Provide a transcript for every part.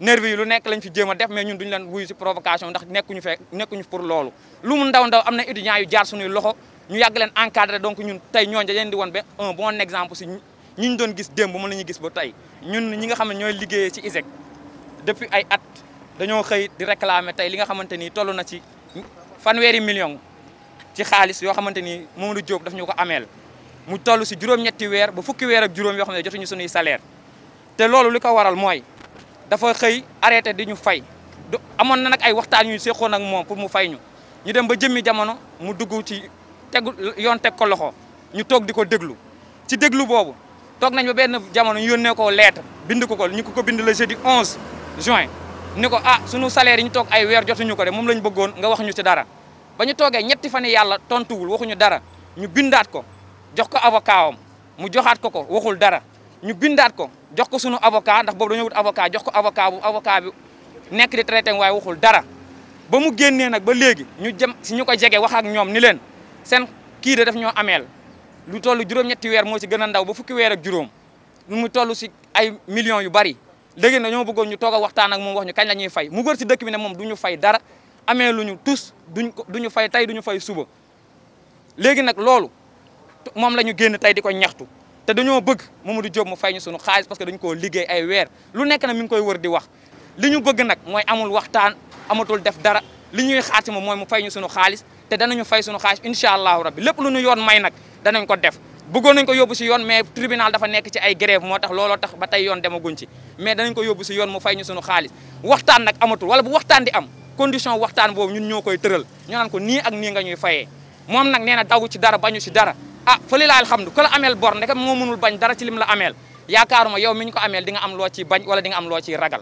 nervi yi lu nekk lañ fi jéem a def mais ñun duñu leen wuyu si provocation ndax nekkuñu fekk nekkuñu pour loolu lu mu ndaw ndaw am na étudiants yu jaar suñuy loxo ñu yàgg leen encadré donc ñun tey ñooñu dañ woon ba un bon exemple si ñi ñu doon gis démb moom la ñuy gis ba tey ñun ñi nga xam ne ñooy liggéeyee ci ISEC depuis ay at dañoo xëy di réclamer tey li nga xamante ni toll na ci fanweeri million ci xaalis yoo xamante ni Mamadou Diop daf ñu ko ameel mu toll si juróom-ñetti weer ba fukki weer ak juróom yoo xam ne jotuñu suñuy salaire te loolu li ko waral mooy arrêté de nous fay faire. na de ay waxtaan ak pour mu fay ñu ñu dem ba jëmmi jamono mu dugg ci nous yoon teg ko loxo ñu toog di des déglu ci déglu une ko lettre ko le jeudi 11 juin ni ko ah salaire nous ñu Nous ay nous jotuñu ko de moom lañ bëggoon nga wax ñu ci dara ko avocat ko ñu bindaat ko jox ko sunu avocat ndax boobu dañoo wut avocat jox ko avocat bu avocat bi nekk di traité waaye waxul dara ba mu génnee nag ba léegi ñu jëm si ñu ko jege wax ak ñoom ni leen seen kii de daf ñoo ameel lu toll juróom-ñetti weer moo ci gën a ndaw ba fukki weer ak juróom lu mu toll si ay millions yu bari léegi ñoo bëggoon ñu toog a waxtaan ak moom wax ñu kañ la fay mu gër si dëkk bi ne moom du ñu fay dara amee lu ñu tus duñ ko du ñu fay tey du fay suba léegi nag loolu moom la ñu génn di ko ñaxtu te dañoo bëgg moom Mamadou Diop mu fay ñu suñu xaalis parce que dañu koo liggéey ay weer lu nekk nag mi ngi koy wër di wax li ñu bëgg nag mooy amul waxtaan amatul def dara li ñuy xaar ci moom mooy mu fay suñu xaalis te danañu fay suñu xaalis incha allahu rabbi lépp lu ñu yoon may nag danañ ko def bëggoon nañ ko yóbbu si yoon mais tribunal dafa nekk ci ay grève moo tax looloo tax ba tey yoon demaguñ ci mais danañ ko yóbbu si yoon mu fay ñu suñu xaalis waxtaan nag amatul wala bu waxtaan di am condition waxtaan boobu ñun ñoo koy tëral ñu nii ak nii nga ñuy fayee moom nag nee na daw ci dara bañu si dara ah fële la alhamdu ku la ameel bor nek mo munul bañ dara ci lim la amel yaakaaruma yow miñ ko amel di nga am lo ci bañ wala di nga am lo ci ragal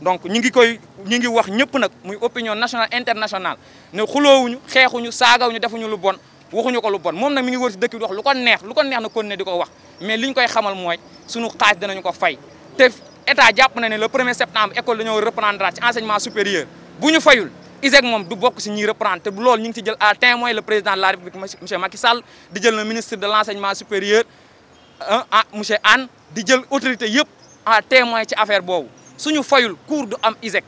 donc ñi ngi koy ñi ngi wax ñepp nak muy opinion national international ne wuñu xexuñu sagawuñu defuñu lu bon waxuñu ko lu bon mom nak mi ngi wër ci dekk bi wax lu ko neex lu ko neex na kon ne di wax mais liñ koy xamal moy suñu xaaj danañu ko fay te état japp na ne le 1er septembre école dañu reprendre ci enseignement supérieur buñu fayul ISEG moom du bokk si ñuy reprendre te loolu ñu ngi ci jël à témoin le président de la république monsieur Macky Sall di jël le ministre de l' enseignement supérieur ah monsieur Anne di jël autorité yëpp à témoin ci affaire boobu suñu fayul cours du am ISEG.